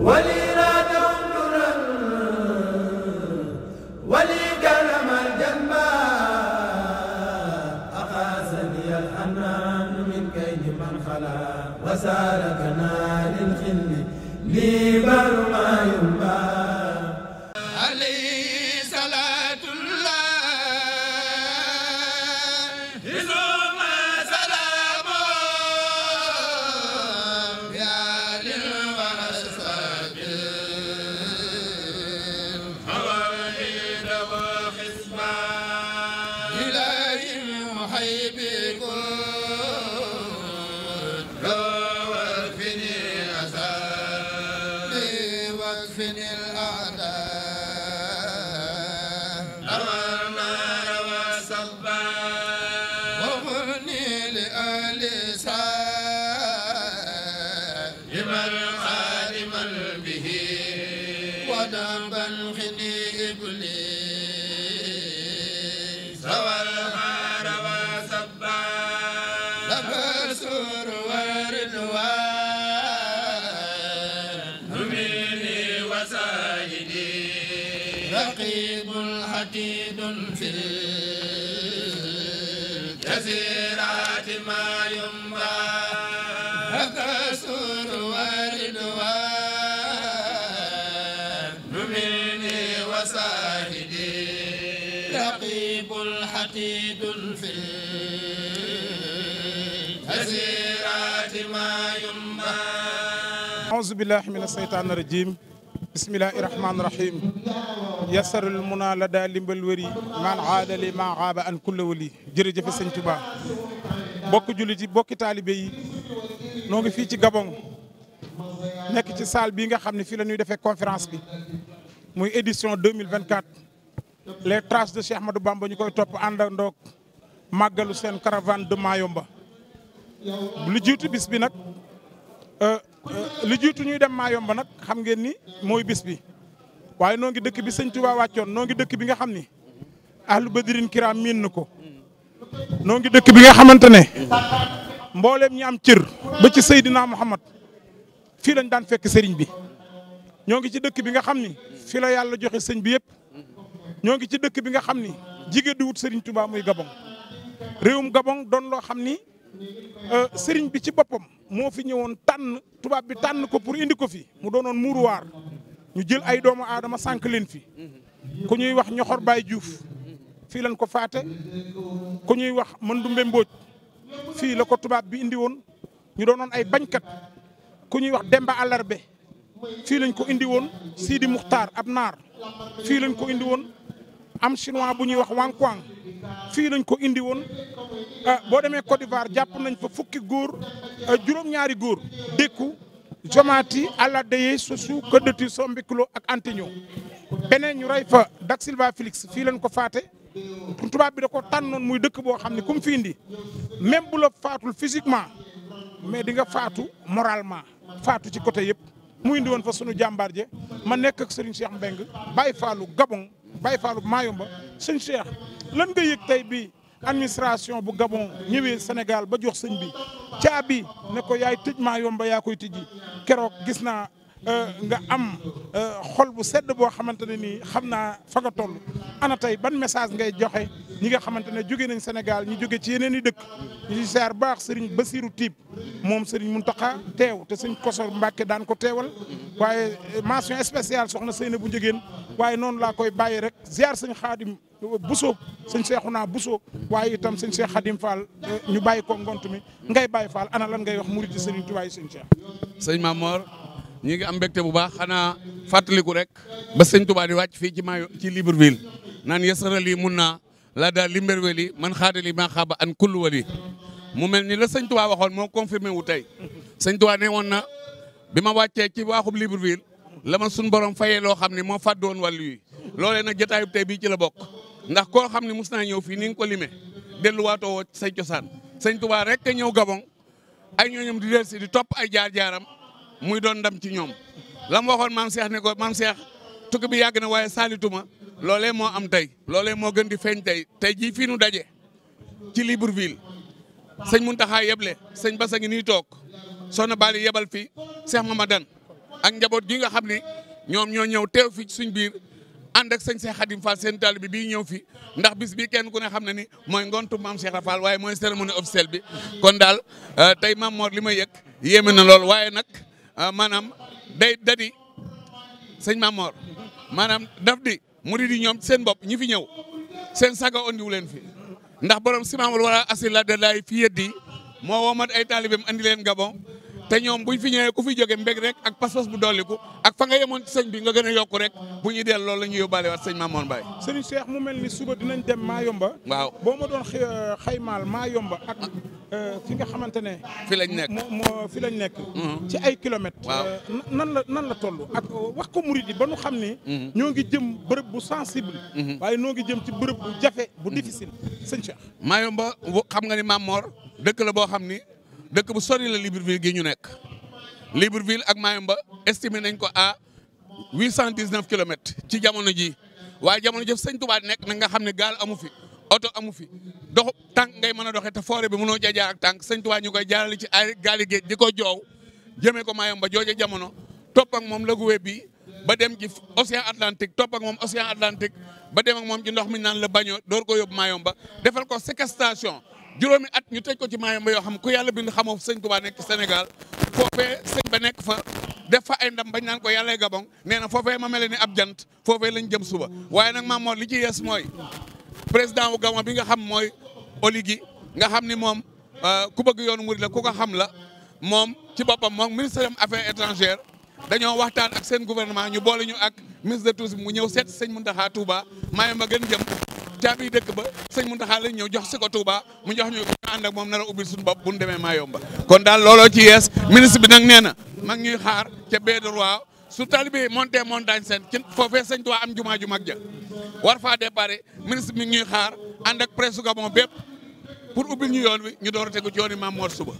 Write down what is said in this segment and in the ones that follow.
ولإرادة درا ولي كرم الجنة الحنان من كيد من خلا وساركنا للخل لي infinite الرقيب الحديد في الجزيرات ما ينبع هذا سور وردوان مني وساهدي رقيب الحديد في الجزيرات ما ينبع أعوذ بالله من الشيطان الرجيم بسم الله الرحمن الرحيم يسر المنى لدى لمبل وري من عاد لي ما عاب ان كل ولي جرجي في سن توبا بوك جولي جي بوك طالبي نوغي في سي غابون نيك سي سال بيغا خامني في لا نوي ديفه كونفرنس بي موي اديسيون 2024 لي تراس دو شيخ مدو بامبا نيكوي توب اندوك ماغالو سين كارافان دو مايومبا لو جيتو بيس بي نك Euh, lu jiitu ñuy dem maa yomb nag xam ngeen ni mooy bis bi waaye noo ngi dëkk bi sëñ Tuubaa wàccoon noo ngi dëkk bi nga xam ni ahlu badirin kiraam miin na ko noo ngi dëkk bi nga xamante ne mbooleem ñi cër ba ci Seydina Muhammad fii lañ daan fekk sëriñ bi ñoo ngi ci dëkk bi nga xam ni fii la yàlla joxe sëñ bi yëpp ñoo ngi ci dëkk bi nga xam ni jigéen di wut sëriñ tubaa muy Gabon réewum Gabon doon loo xam ni Euh, sëriñ bi ci boppam moo fi ñëwoon tànn tubaab bi tànn ko pour indi ko fi mu doonoon muuruwaar ñu jël ay doomu aadama sànq leen fi ku ñuy wax ñoxor Baay Juuf fii lañ ko faate ku ñuy wax man dumbe mbóoj fii la ko tubaab bi indi woon ñu doon doonoon ay bañkat ku ñuy wax Demba Allarbe fii lañ ko indi woon Sidi Muxtaar ab naar fii lañ ko indi woon am chinois bu ñuy wax Wang fii lañ ko indi woon ah, boo demee Côte d'Ivoire jàpp nañ fa fukki góor ah, juróom-ñaari góor dékku Jomati Alade Sossou Kondati Sombiklo ak Antignon beneen ñu rey fa Dax Silva Félix fii lañ ko faate tubaab bi da ko tànnoon muy dëkk boo xam ne ku mu indi même bu faatul physiquement mais di nga faatu moralement faatu ci côté yëpp mu indi woon fa sunu jàmbaar je ma nekk ak Serigne Cheikh Mbengue Baye Fallou Gabon Baye Fallou Mayumba sëñ Cheikh lan nga yëg tey bi administration bu Gabon ñëwee Sénégal ba jox sëñ bi caabi ne ko yaay tëj Mayumba yaa koy tijji keroog gis naa euh, nga am euh, xol bu sedd boo xamante ne nii xam naa fa nga toll ana tey ban message ngay joxe. ñi nga xamante ne jóge nañ Sénégal ñu joge ci yeneen i dëkk ñu ci saar baax sëriñ Basiru Tiib moom sëriñ Muntaxa teew te sëñ Koso Mbàkke daan ko teewal waaye eh, mention spéciale soxna ne bu njëgeen waaye noonu laa koy bàyyi rek ziar sëñ Xaadim eh, Buso sëñ Seexuna Buso waaye itam sëñ Seex Xaadim Fall eh, ñu bàyyi ko ngont mi ngay bàyyi Fall ana lan ngay wax mu yi sëriñ Tuubaa yi sëñ Seex sëñ Mamor ñu ngi am mbégte bu baax xanaa fàttaliku rek ba sëñ Tuubaa di wàcc fii ci ci Libreville naan laa daal li mbir man xaadali maa xaaba an kullu wali mu mel ni la sëñ Tuubaa waxoon moo confirmé wu tey sëñ Tuubaa ne woon na bi ma wàccee ci waaxub Libreville la ma suñ borom fayee loo xam ni moo fàddu woon wàllu yi loolee nag jotaayub tey bii ci la bokk ndax koo xam ne mus naa ñëw fii ni ko limee delluwaatoo woo say cosaan sëñ Tuubaa rek a ñëw Gabon ay ñooñam di delsi di topp ay jaar-jaaram muy doon ndam ci ñoom la mu waxoon maam Cheikh ne ko maam Cheikh tukki bi lolé mo am tay lolé mo gën di feeñ tay tay ji fi ñu dajé ci Libreville sëñ Muntaha yeblé sëñ Basa ngi nii toog Bali yebal fi Cheikh Mamadan ak njabot gi nga xamni ñom ñoo ñew tew fi suñ biir and ak sëñ Cheikh Khadim Fall Sen Talib bi ñew fi ndax bis bi kenn ku ne xamna ni moy ngontu mam Cheikh Rafal waye moy cérémonie officielle bi kon dal euh, tay mam Mor limay yek yëg na lool waye nak euh, manam day dadi sëñ Mamor manam daf di. murid yi ñoom seen bopp ñi fi ñëw seen saga andiwu leen fi ndax borom simaamul wala asila de laay fi yeddi moo woomat ay taalibeem andi leen Gabon te ñoom buñ fi ñëwee ku fi jóge mbeg rek ak pas-pas bu dolliku ak fa nga yemoon ci sëñ bi nga gën a yokku rek bu ñuy deel loolu la ñuy yóbbaale waat sëñ Mamoon Baye sëñ Cheikh mu mel ni suba dinañ dem yomba waaw boo ma doon euh, maa yomba ak euh, fi nga xamante ne fi lañ nekk moo fi lañ nekk mm-hmm. ci ay kilomètres euh, nan la nan la toll ak wax ko murid yi ba nu xam ni mm-hmm. ñoo ngi jëm bërëb bu sensible mm-hmm. waaye noo ngi jëm ci bërëb bu jafe bu difficile sëñ Cheikh Mayumba xam nga ni Mamor dëkk la boo xam ni dëkk bu sori la Libreville gi ñu nekk Libreville ak Mayumba estimé nañ ko à huit cent dix neuf kilomètres ci jamono ji waaye jamono jëf sëñ Tuubaa nekk na nga xam ne gaal amu fi oto amu fi dox tànk ngay mën a doxee te forêt bi munoo jaajaa ak tànk sëñ Tuubaa ñu koy jaarale ci ay gaali géej di ko joow jëmee ko Mayumba jooja jamono topp ak moom la guwee bi ba dem ci océan Atlantique topp ak moom océan Atlantique ba dem ak moom ci ndox mi naan la bañoo door ko yóbbu Mayumba defal ko séquestration juróomi at ñu tëj ko ci Mayumba yoo xam ku yàlla bind xamoo sëñ Touba nekk Sénégal foofee sëñ ba nekk fa def fa ay ndam bañ naan ko yàlla gabon nee na foofee ma mel ni ab jant foofee lañ jëm suba waaye nag maam moo li ci yees mooy président wu gabon bi nga xam mooy Oligui nga xam ni moom euh, ku bëgg yoonu murid la ku nga xam la moom ci boppam moom ministre des affaires étrangères dañoo waxtaan ak seen gouvernement ñu boole ñu ak ministre de tourisme ñëw seet sëñ Mountakha Touba Mayumba gën jëm caabi dekk ba seigne muntaha la ñew jox si Touba mu jox ñu and ak mom na la ubbil suñu bop bu ñu ma Mayomba kon dal lolo ci yes ministre bi nak nee na mag ñuy xaar ci Baie-de-Roi su talibé monté montagne sen ci fofé seigne Touba am juma ju mag ja war fa déparé ministre mi ñuy xaar and ak presse Gabon bép pour ubbil ñu yoon wi ñu door a ci Mor suba.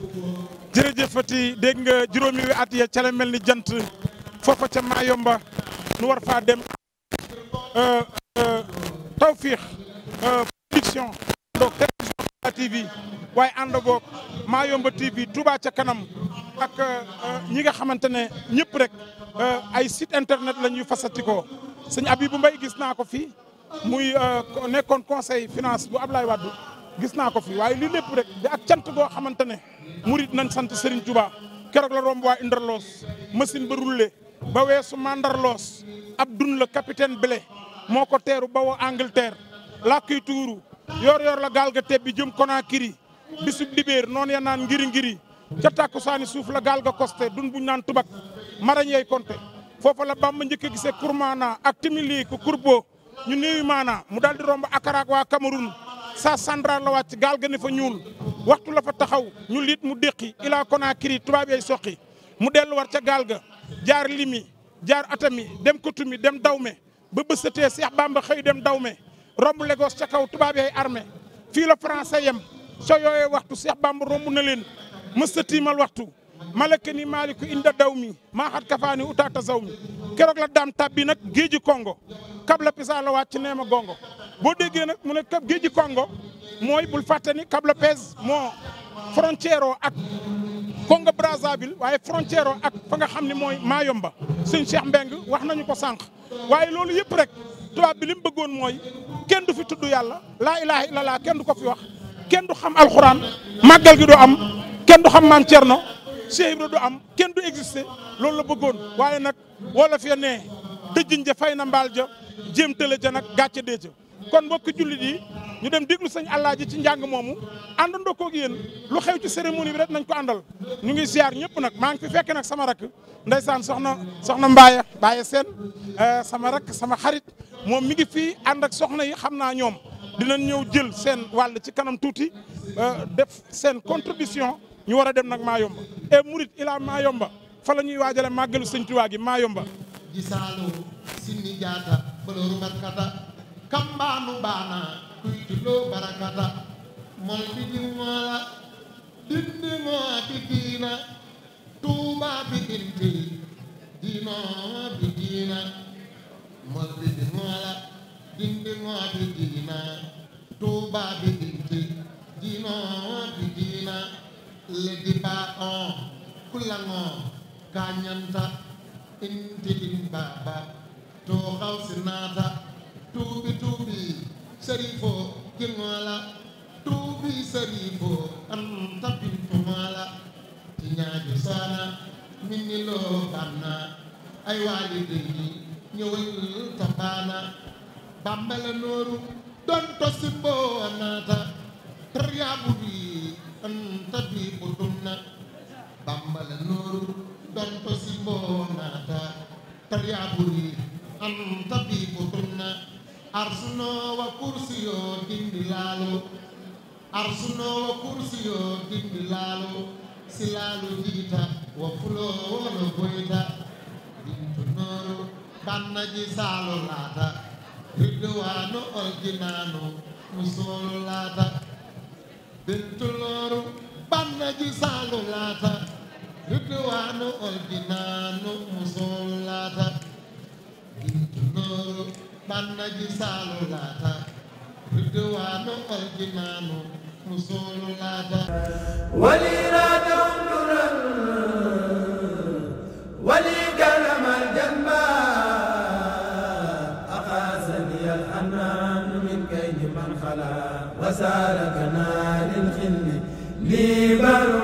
jërëjëf Fati dégg nga juroomi wi at ya ca la mel ni jant foofa ca Mayomba nu war fa dem euh, euh, tawfiq Euh, production boog télévision waaye ànd boog maa yomba TV Touba ca kanam ak euh, ñi nga xamante ne ñëpp rek euh, ay site internet la ñuy fasatikoo sëñ Abibou Mbaye gis naa ko fi muy nekkoon conseil finance bu Ablaye Wade gis naa ko fi waaye lii lépp rek di ak cant boo xamante ne murit nañ sant Serigne Touba keroog la romb waa Indarloos machine ba rulle ba weesu Mandarloos ab la capitaine ble moo ko teeru ba woo Angleterre làkk yi tuuru yor yor la gaal ga tebbi jëm Conakry bisub dibéer noon ya naan ngiri ngiri ca tàkku saani suuf la gaal ga costé dun buñ naan tubak marañ yey konté foofa la Bamba njëkk a gisee kurmaana ak timili ku kurbo ñu néewi maana mu daal di romb akaraak waa Cameroun sa sandra la wàcc gaal ga ne fa ñuul waxtu la fa taxaw ñu liit mu déqi ilaa Conakry tubaab yay soqi mu dellu war ca gaal ga jaar limi jaar atami dem kotumi dem dawme ba bësatee Seex Bamba xëy dem dawme rombu legos ca kaw tubaab yay armée fii la français yem so yooyee waxtu Cheikh Bamba romb na leen mësta tiimal waxtu malaka ni maaliku inda daw mi maa kafani kafaani utaata zaw mi keroog la dam tabbi nag géeji Congo kab la pisa la wacc nema gongo boo déggee nag mu ne kab géeji Congo mooy bul fàtte ni kab la pes moo frontière ak Congo Brazzaville waaye frontière ak fa nga xam ne mooy Mayomba seigne Cheikh Mbeng wax nañu ko sànq waye lolu yep rek tubaab bi li bëggoon mooy kenn du fi tudd yàlla laa ilaha illallah kenn du ko fi wax kenn du xam alxuraan màggal gi du am kenn du xam maam Cerno Cheikh Ibra du am kenn du existé loolu la bëggoon waaye nag wolof ya nee dëjjin ja fay na mbaal ja jéem tële nag gàcce dee ja kon mbokki jullit yi ñu dem déglu sëñ Alaaji ci njàng moomu àndandoo koog yéen lu xew ci cérémonie bi rek nañ ko àndal ñu ngi ziar ñëpp nag maa ngi fi fekk nag sama rakk ndeysaan soxna soxna Mbaye Mbaye Sène eh, sama rakk sama xarit moom mi ngi fi and ak soxna yi xamna ñom ñoom dinañ ñëw jël sen wal ci kanam tuuti euh, def sen contribution ñu wara dem nak ma yomba e mourid murit ma yomba fa la ñuy waajale màggalu Sëñ Tuubaa gi di salu sinni jaata baloru markata kambaanu baana kuy tulloo barakata mol bi di moola dindi moo di diina tuubaa bi dinti diinoo bi diina mol bi للمعتدين طوبى ببنت جينات دينا لدباء كل نور كان ينتا انت بابا تو خوسناتا توبي توبي شريفو كنوالا توبي شريفو انت بنت مالا تنياجي سانا مني لو بانا اي والدي ñëwal tabaana bambalanooru ɗon to sibbo a naata taryaɓuɗi ɗon tabi na ɗumna bambalanooru ɗon to sibbo naata taryaɓuɗi an tabi ko ɗumna arsunowa kursiyo dindi laalo arsunowa kursiyo dindi laalo silaalo jiita wo fulowono boyta ɗintonooru bannaji saalo laata ridwaanu ol jinaanu musulu laata bintu looru banna ji saalu laata ridwaanu ol jinaanu musulu laata bintu looru banna ji saalu laata ridwaanu ol jinaanu musulu laata wali laata وساركنا للخل لي بر